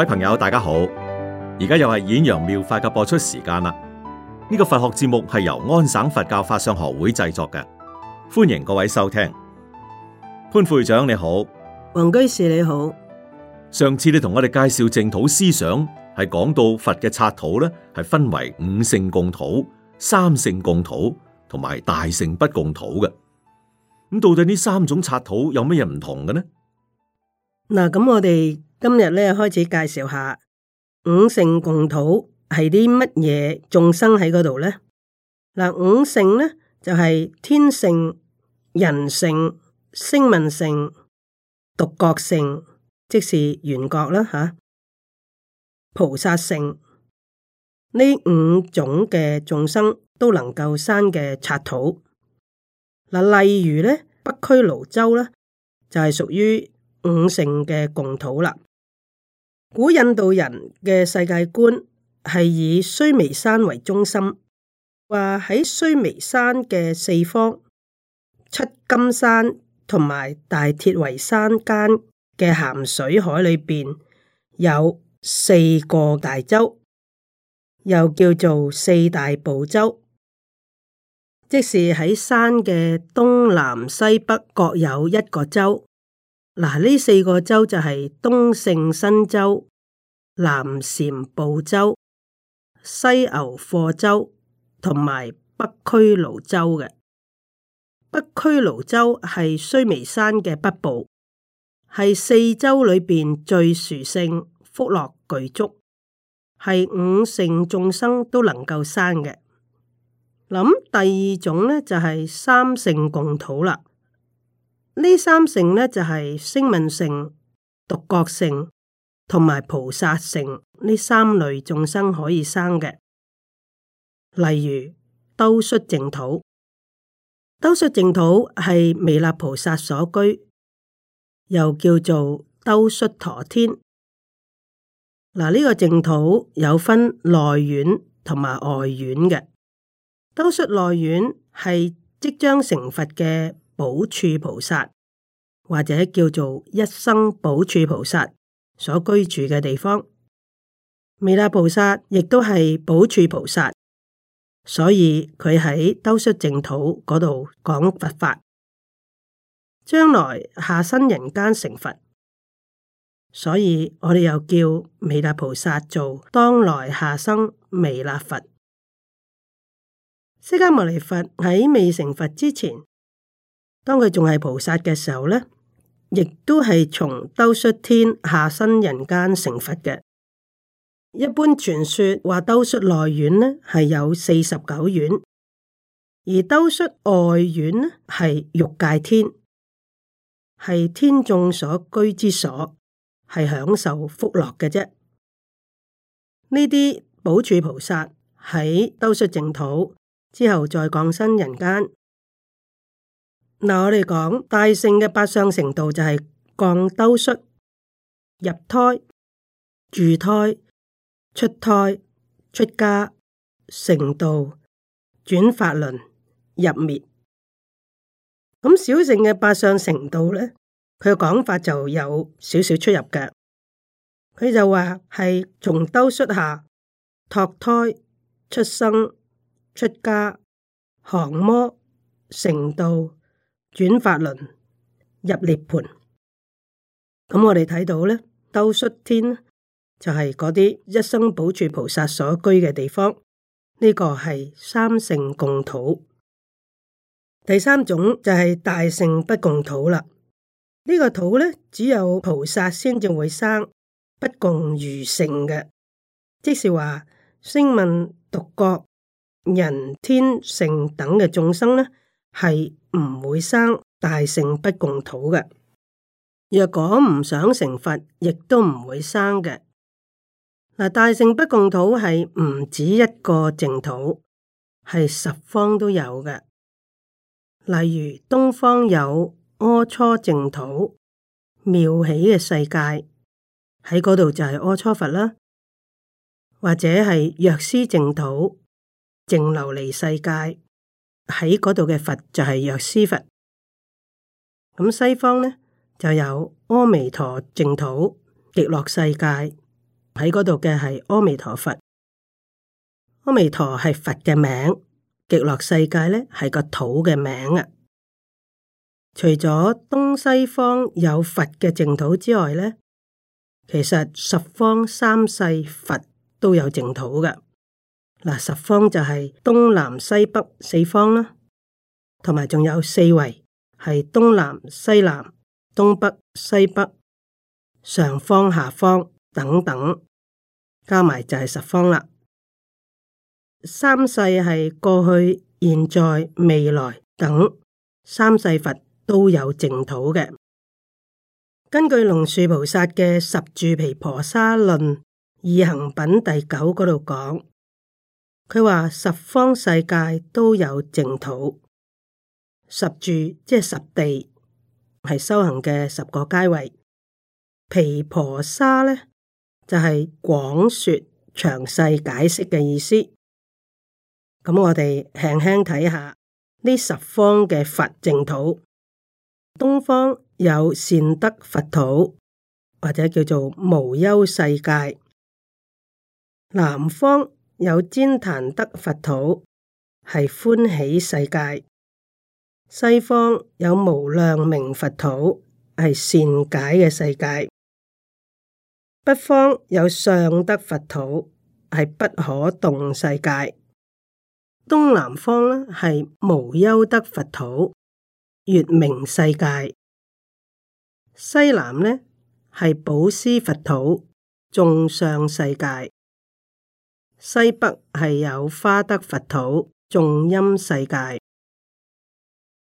各位朋友，大家好！而家又係《顯揚妙法》嘅播出時間啦。呢、這個佛學節目係由安省佛教法相學會製作嘅，歡迎各位收聽。潘會長你好，黃居士你好。上次你同我哋介紹淨土思想，係講到佛嘅剎土咧，係分為五乘共土、三乘共土同埋大乘不共土嘅。咁到底呢三種剎土有咩嘢唔同嘅呢？嗱，咁我哋。今日咧，開始介紹下五乘共土係啲乜嘢眾生喺嗰度咧？嗱，五乘咧就係、是、天乘、人乘、聲聞乘、獨覺乘，即是緣覺啦吓，菩薩乘呢五種嘅眾生都能夠生嘅剎土。嗱，例如咧北俱盧洲咧就係、是、屬於五乘嘅共土啦。古印度人嘅世界觀係以須彌山為中心，話喺須彌山嘅四方、七金山同埋大鐵圍山間嘅鹹水海裏邊有四個大洲，又叫做四大部洲，即是喺山嘅東南西北各有一個洲。嗱，呢四個州就係東勝神洲、南贍部洲、西牛貨洲同埋北俱盧洲嘅。北俱盧洲係須彌山嘅北部，係四州裏邊最殊勝、福樂具足，係五乘眾生都能夠生嘅。咁第二種咧就係、是、三乘共土啦。呢三乘呢，就係聲聞乘、獨覺乘同埋菩薩乘呢三類眾生可以生嘅。例如兜率淨土，兜率淨土係彌勒菩薩所居，又叫做兜率陀天。嗱，呢個淨土有分內院同埋外院嘅。兜率內院係即將成佛嘅補處菩薩或者叫做一生補處菩薩所居住嘅地方，彌勒菩薩亦都係補處菩薩，所以佢喺兜率淨土嗰度講佛法，將來下生人間成佛，所以我哋又叫彌勒菩薩做當來下生彌勒佛。釋迦牟尼佛喺未成佛之前，當佢仲係菩薩嘅時候呢，亦都係從兜率天下身人間成佛嘅。一般傳說話兜率內院呢係有四十九院，而兜率外院呢係欲界天，係天眾所居之所，係享受福樂嘅啫。呢啲補處菩薩喺兜率淨土之後再降身人間。嗱，我哋講大聖嘅八相成道就係降兜率、入胎、住胎、出胎、出家、成道、轉法輪、入滅。咁小聖嘅八相成道咧，佢嘅講法就有少少出入嘅。佢就話係從兜率下、託胎、出生、出家、降魔、成道。轉法輪入涅槃。咁我哋睇到咧，兜率天就係嗰啲一生補處菩薩所居嘅地方。呢、這個係三乘共土，第三種就係大乘不共土啦。呢、這個土咧，只有菩薩先至會生不共餘乘嘅，即是話聲聞獨覺、人天乘等嘅眾生咧，係唔會生大乘不共土嘅。若果唔想成佛，亦都唔會生嘅。嗱，大乘不共土係唔止一個淨土，係十方都有嘅。例如東方有阿閦淨土妙喜嘅世界，喺嗰度就係阿閦佛啦，或者係藥師淨土淨琉璃世界。喺嗰度嘅佛就係藥師佛，咁西方咧就有阿彌陀淨土極樂世界，喺嗰度嘅係阿彌陀佛。阿彌陀係佛嘅名，極樂世界咧係個土嘅名啊。除咗東西方有佛嘅淨土之外咧，其實十方三世佛都有淨土㗎。嗱，十方就係東南西北四方啦，同埋仲有四維係東南西南東北西北、上方下方等等，加埋就係十方啦。三世係過去、現在、未來等三世佛都有淨土嘅。根據龍樹菩薩嘅《十住皮婆沙論》二行品第九嗰度講。佢話十方世界都有淨土，十住即係十地，係修行嘅十個階位。毗婆沙咧就係廣説詳細解釋嘅意思。咁我哋輕輕睇下呢十方嘅佛淨土，東方有善德佛土，或者叫做無憂世界，南方，有旃檀德佛土，係歡喜世界；西方有無量明佛土，係善解嘅世界；北方有上德佛土，係不可動世界；東南方呢係無憂德佛土，月明世界；西南呢，係寶施佛土，眾相世界。西北係有花德佛土，眾音世界。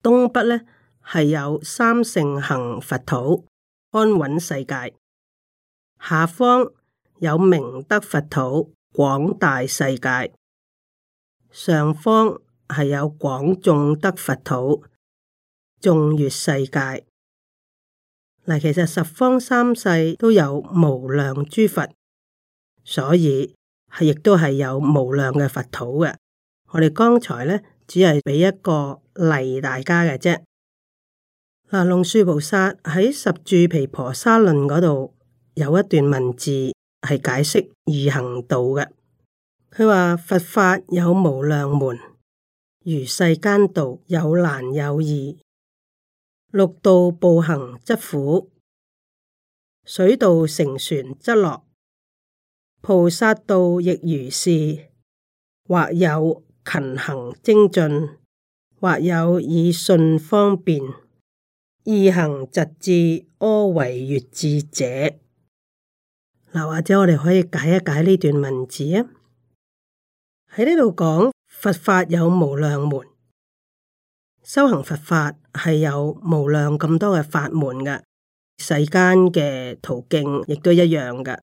東北呢，係有三聖行佛土，安穩世界。下方有明德佛土，廣大世界。上方係有廣眾德佛土，眾月世界。嗱，其實十方三世都有無量諸佛，所以。亦都係有無量嘅佛土嘅。我哋剛才呢，只係俾一個例大家嘅啫。嗱，龍樹菩薩喺十住毗婆沙論嗰度有一段文字係解釋易行道嘅。佢話佛法有無量門，如世間道有難有易，陸道步行則苦，水道乘船則樂。菩薩道亦如是，或有勤行精進，或有以信方便易行疾至，阿惟越致者。或者我哋可以解一解呢段文字啊。喺呢度講佛法有無量門，修行佛法係有無量咁多嘅法門噶，世間嘅途徑亦都一樣噶。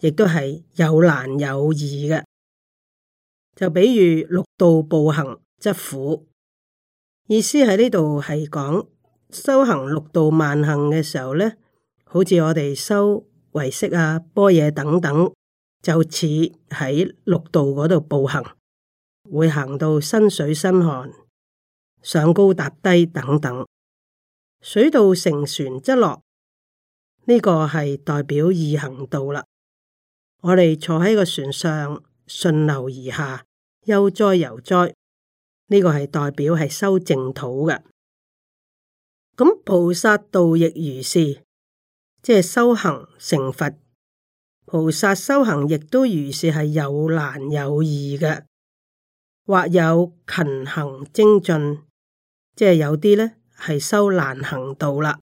亦都係有難有易嘅，就比如陸道步行則苦，意思喺呢度係講修行六度萬行嘅時候咧，好似我哋修唯識啊、般若等等，就似喺陸道嗰度步行，會行到身水身汗，上高踏低等等，水道乘船則樂，呢、這個係代表易行道啦。我哋坐喺個船上順流而下，悠哉悠哉。呢、這個係代表係修淨土嘅。咁菩薩道亦如是，即係修行成佛。菩薩修行亦都如是，是，係有難有易嘅。或有勤行精進，即係有啲咧係修難行道啦。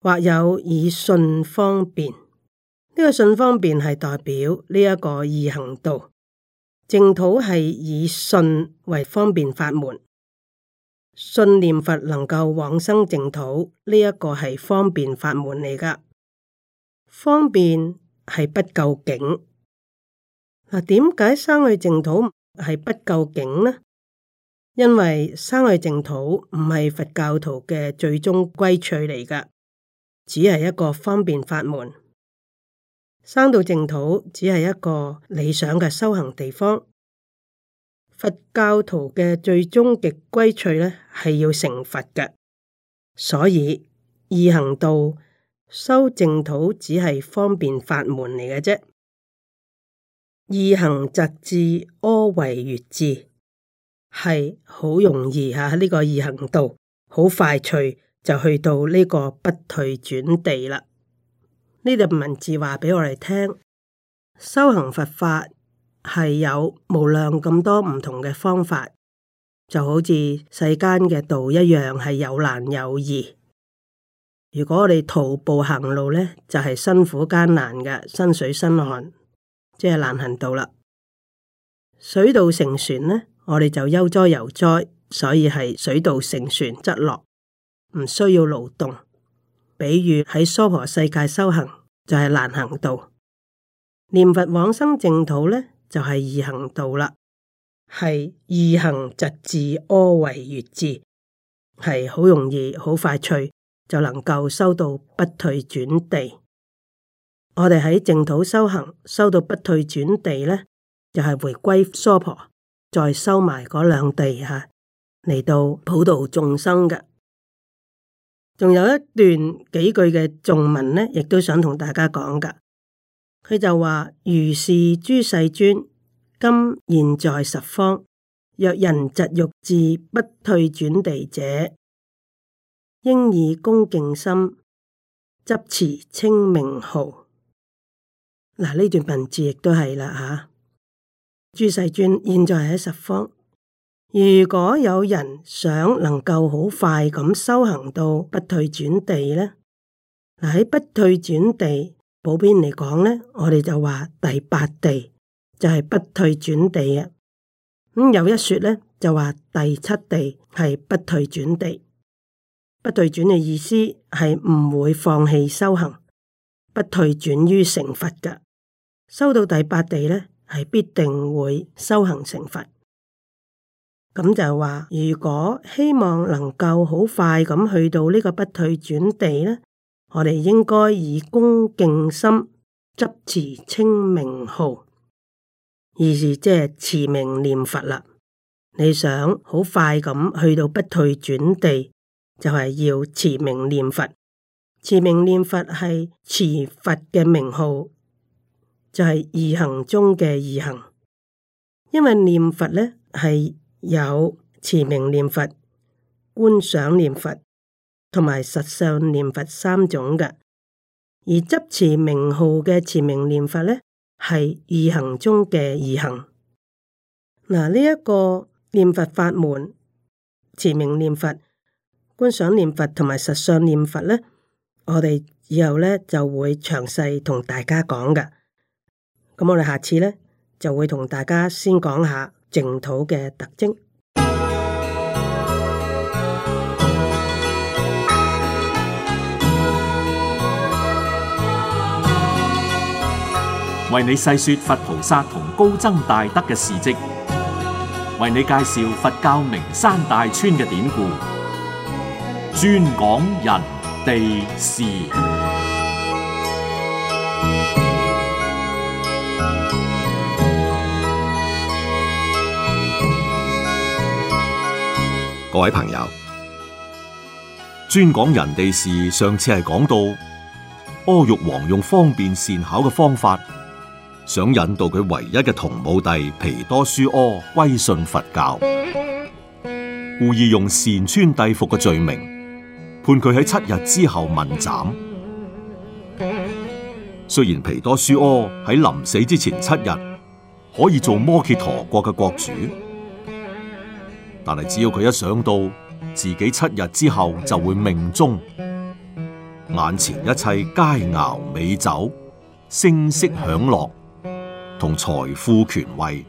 或有以信方便。呢個信方便係代表呢一個易行道，淨土係以信為方便法門，信念佛能夠往生淨土，呢、這、一個係方便法門嚟噶。方便係不究竟，嗱點解生去淨土係不究竟呢？因為生去淨土唔係佛教徒嘅最終歸趣嚟噶，只係一個方便法門。生到淨土只係一個理想嘅修行地方，佛教徒嘅最終極歸趣呢係要成佛嘅，所以易行道修淨土只係方便法門嚟嘅啫。易行疾至阿惟越致係好容易吓，呢個易行道，好快脆就去到呢個不退轉地啦。呢段文字話畀我哋聽，修行佛法係有無量咁多唔同嘅方法，就好似世間嘅道一樣，係有難有易。如果我哋徒步行路咧，就係、是、辛苦艱難嘅，身水身汗，即係難行道啦。水道乘船咧，我哋就悠哉悠哉，所以係水道乘船則樂，唔需要勞動。比如喺娑婆世界修行就係、是、難行道，念佛往生淨土咧就係、是、易行道啦，係易行疾至阿惟越致，係好容易、好快脆就能夠收到不退轉地。我哋喺淨土修行，收到不退轉地咧，就係、是、回歸娑婆，再收埋嗰兩地吓嚟到普度眾生嘅。仲有一段幾句嘅頌文呢，亦都想同大家講噶。佢就話，如是諸世尊，今現在十方。若人疾欲志，不退轉地者，應以恭敬心執持清明號。嗱、啊，呢段文字亦都係啦吓，諸世尊現在喺十方。如果有人想能夠好快咁修行到不退轉地呢，喺不退轉地普遍嚟，講呢，我哋就話第八地就係、是、不退轉地啊。咁有一說呢，就話第七地係不退轉地，不退轉嘅意思係唔會放棄修行，不退轉於成佛㗎。修到第八地呢，係必定會修行成佛。咁就話，如果希望能夠好快咁去到呢個不退轉地呢，我哋應該以恭敬心執持清明號，意思即係持名念佛啦。你想好快咁去到不退轉地，就係、是、要持名念佛。持名念佛係持佛嘅名號，就係、是、易行中嘅易行，因為念佛呢係。有持名念佛、觀想念佛同埋實相念佛三種嘅，而執持名號嘅持名念佛咧，係易行中嘅易行。嗱，呢一個念佛法門、持名念佛、觀想念佛同埋實相念佛咧，我哋以後咧就會詳細同大家講嘅。咁我哋下次咧就會同大家先講下。淨土嘅特徵，為你細說佛菩薩同高僧大德嘅事蹟，為你介紹佛教名山大川嘅典故，專講人地事。各位朋友，專講人哋事。上次係講到阿育王用方便善巧嘅方法，想引導佢唯一嘅同母弟皮多舒柯歸信佛教，故意用擅穿帝服嘅罪名，判佢喺七日之後問斬。雖然皮多舒柯喺臨死之前七日，可以做摩羯陀國嘅國主。但係，只要佢一想到自己七日之後就會命終，眼前一切佳肴、美酒、聲色享樂同財富權威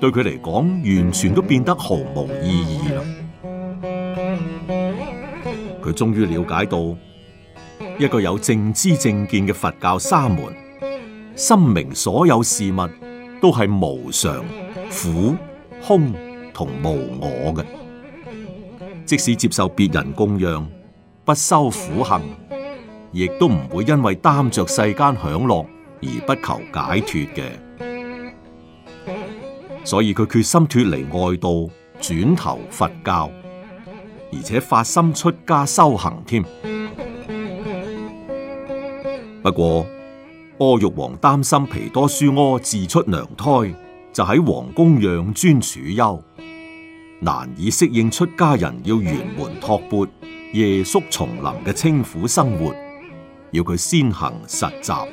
對佢嚟講完全都變得毫無意義啦。佢終於了解到，一個有正知正見嘅佛教沙門，心明所有事物都係無常、苦、空。同無我嘅，即使接受別人供養，不修苦行，亦都唔會因為貪著世間享樂而不求解脫嘅。所以佢決心脫離外道，轉投佛教，而且發心出家修行添。不過阿育王擔心毗多輸柯自出娘胎，就喺皇宮養尊處優，難以適應出家人要沿門托缽、夜宿叢林嘅清苦生活，要佢先行實習。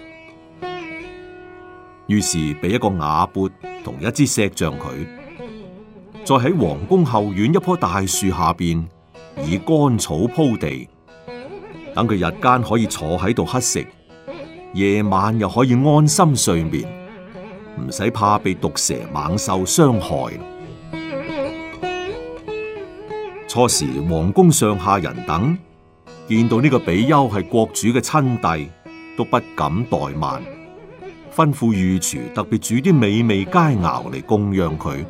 於是俾一個瓦缽同一支錫杖佢，再喺皇宮後院一棵大樹下邊，以乾草鋪地，等佢日間可以坐喺度乞食，夜晚又可以安心睡眠。唔使怕被毒蛇猛獸傷害。初時，皇宮上下人等見到呢個比丘係國主嘅親弟，都不敢怠慢，吩咐御廚特別煮啲美味佳餚嚟供養佢。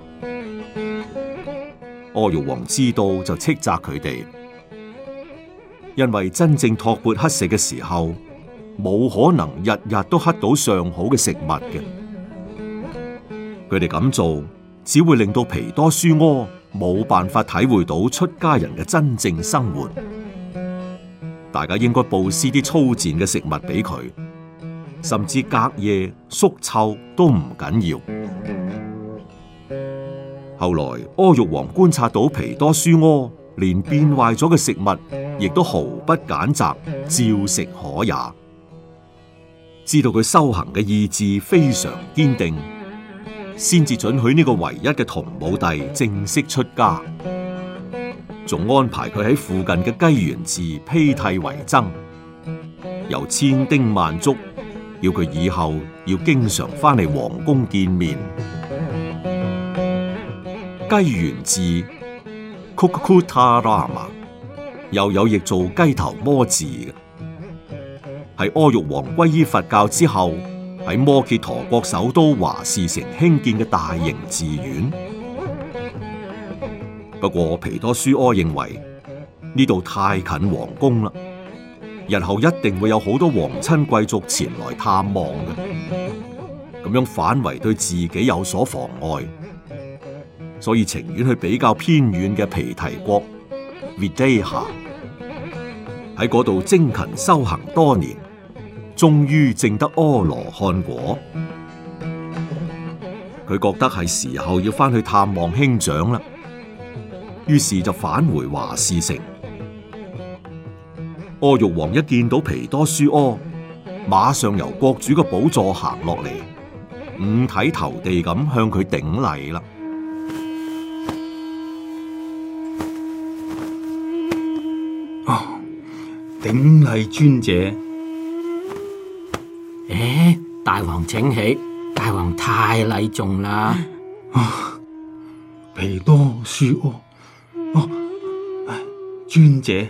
阿育王知道就斥責佢哋，因為真正托缽乞食嘅時候，冇可能日日都乞到上好嘅食物嘅。佢哋咁做只會令到皮多舒屙，冇辦法體會到出家人嘅真正生活。大家應該布施啲粗賤嘅食物俾佢，甚至隔夜宿臭都唔緊要。後來阿育王觀察到皮多舒屙，連變壞咗嘅食物亦都毫不揀擇，照食可也。知道佢修行嘅意志非常堅定。先至准許呢個唯一嘅同母弟正式出家，仲安排佢喺附近嘅雞園寺披剃為僧，由千叮萬囑，要佢以後要經常翻嚟皇宮見面。雞園寺，庫庫塔拉嘛，又有譯做雞頭摩寺嘅，係阿育王皈依佛教之後喺摩羯陀國首都華氏城興建嘅大型寺院。不過皮多舒柯認為呢度太近皇宮啦，日後一定會有好多皇親貴族前來探望嘅，咁樣反為對自己有所妨礙，所以情願去比較偏遠嘅皮提國 Videha 喺嗰度精勤修行多年。終於證得阿羅漢果，佢覺得係時候要翻去探望兄長啦，於是就返回華氏城。阿育王一見到皮多書柯，馬上由國主嘅寶座行落嚟，五體投地咁向佢頂禮啦！啊，頂禮尊者。誒，大王請起，大王太禮重啦。皮多書阿，阿尊者，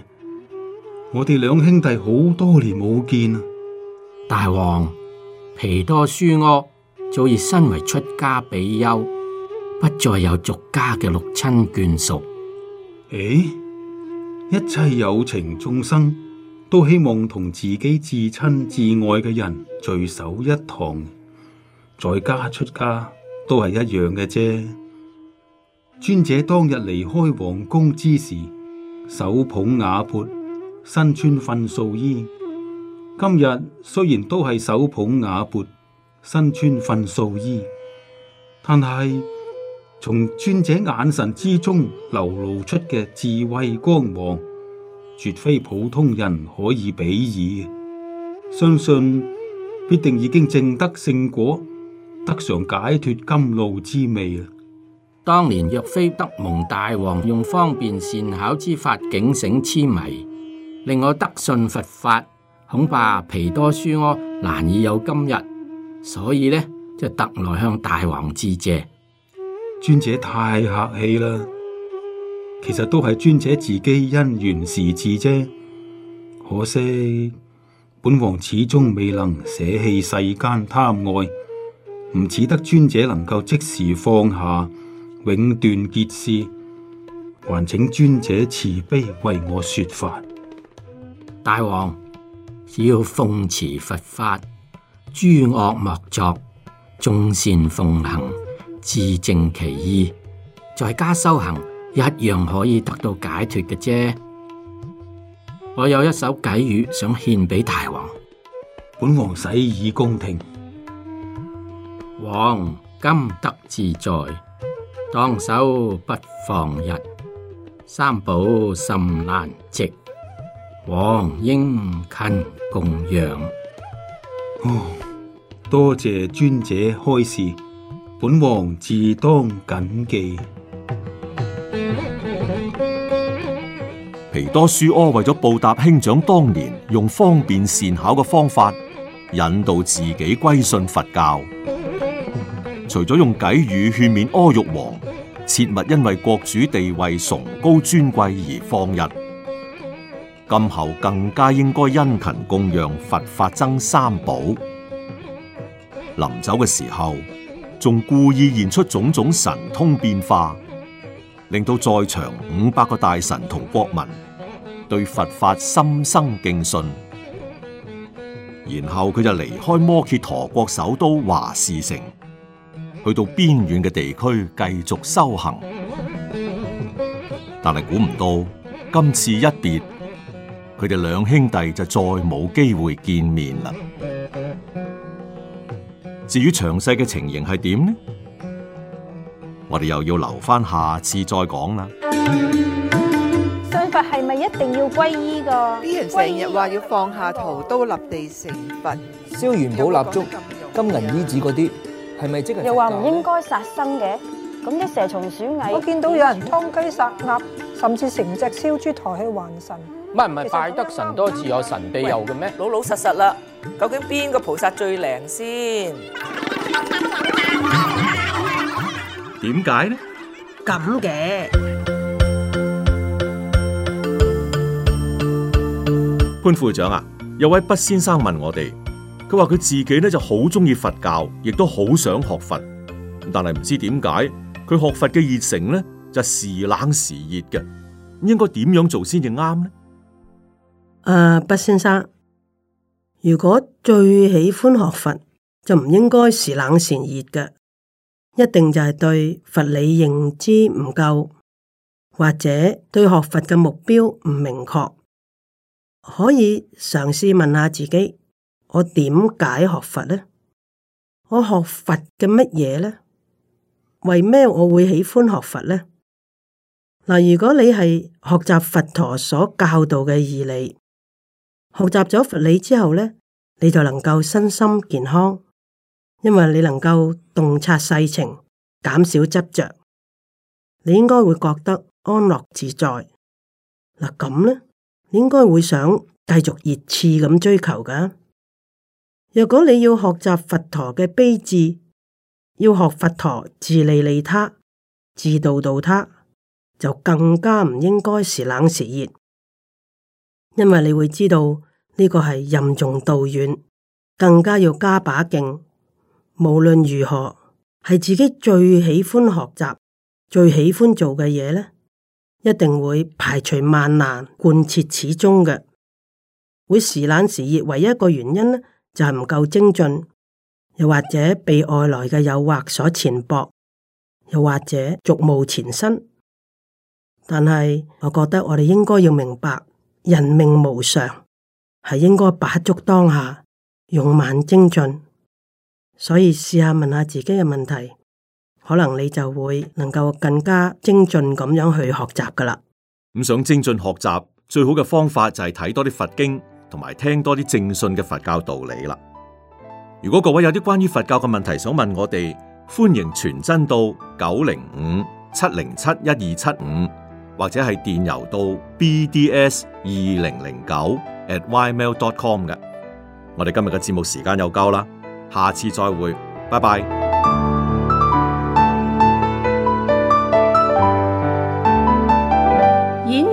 我哋兩兄弟好多年冇見啦。大王，皮多書阿早已身為出家比丘，不再有俗家嘅六親眷屬。誒，一切有情眾生。都希望同自己至親至愛嘅人聚首一堂，在家出家都係一樣嘅啫。尊者當日離開皇宮之時，手捧瓦缽，身穿糞素衣。今日雖然都係手捧瓦缽，身穿糞素衣，但係從尊者眼神之中流露出嘅智慧光芒，絕非普通人可以比擬，相信必定已經證得聖果，得嘗解脫甘露之味啦。當年若非得蒙大王用方便善巧之法警醒痴迷，令我得信佛法，恐怕皮多書柯難以有今日。所以咧，就特來向大王致謝。尊者太客氣啦。其實都係尊者自己因緣時至啫，可惜本王始終未能捨棄世間貪愛，唔似得尊者能夠即時放下，永斷結使，還請尊者慈悲為我說法。大王，只要奉持佛法，諸惡莫作，眾善奉行，自正其意，在家修行。一樣可以得到解脫嘅啫。我有一首偈語想獻畀大王。本王洗耳恭聽。王今得自在，當守不放逸。三寶甚難值，王應勤供養。哦，多謝尊者開示，本王自當謹記。多樹柯為咗報答兄長當年用方便善巧嘅方法引導自己歸信佛教， 除咗用偈語勸勉阿育王切勿因為國主地位崇高尊貴而放逸，今後更加應該殷勤供養佛法僧三寶。臨走嘅時候，仲故意現出種種神通變化，令到在場五百個大臣同國民。對佛法心生敬信，然後佢就離開摩羯陀國首都華氏城，去到邊遠嘅地區繼續修行。但係估唔到今次一別，佢哋兩兄弟就再冇機會見面啦。至於詳細嘅情形係點呢？我哋又要留翻下次再講啦。係咪一定要皈依噶？啲人成日話要放下屠刀立地成佛，燒元寶蠟燭、金銀衣紙嗰啲，係咪即係？又話唔應該殺生嘅，咁啲蛇蟲鼠蟻，我見到有人劏雞殺鴨，甚至成隻燒豬抬去還神。唔係唔係，拜得神多自有神庇佑嘅咩？老老實實啦，究竟邊個菩薩最靈先？點解呢？咁嘅。潘副長啊，有位畢先生問我哋，佢話佢自己咧就好鍾意佛教，亦都好想學佛，但係唔知點解佢學佛嘅熱誠咧就時冷時熱嘅，應該點樣做先至啱呢？誒、呃，畢先生，如果最喜歡學佛，就唔應該時冷時熱嘅，一定就係對佛理認知唔夠，或者對學佛嘅目標唔明確。可以嘗試問下自己：「我點解學佛呢？我學佛嘅乜嘢呢？為咩我會喜歡學佛呢？」嗱，如果你係學習佛陀所教導嘅義理，學習咗佛理之後咧，你就能夠身心健康，因為你能夠洞察世情，減少執着，你應該會覺得安樂自在。嗱，咁咧。應該會想繼續熱刺咁追求噶。若果你要學習佛陀嘅悲智，要學佛陀自利利他、自度度他，就更加唔應該時冷時熱，因為你會知道呢個係任重道遠，更加要加把勁。無論如何，係自己最喜歡學習、最喜歡做嘅嘢呢。一定會排除萬難，貫徹始終嘅。會時冷時熱，唯一一個原因就係唔夠精進，又或者被外來嘅誘惑所纏縛，又或者俗務纏身。但係我覺得我哋應該要明白，人命無常，係應該把握當下，勇猛精進。所以試下問下自己嘅問題。可能你就會能夠更加精進咁樣去學習噶啦。咁想精進學習，最好嘅方法就係睇多啲佛經，同埋聽多啲正信嘅佛教道理啦。如果各位有啲關於佛教嘅問題想問我哋，歡迎傳真到九零五七零七一二七五，75，或者係電郵到 bds 二零零九 at ymail.com 嘅。我哋今日嘅節目時間又夠啦，下次再會，拜拜。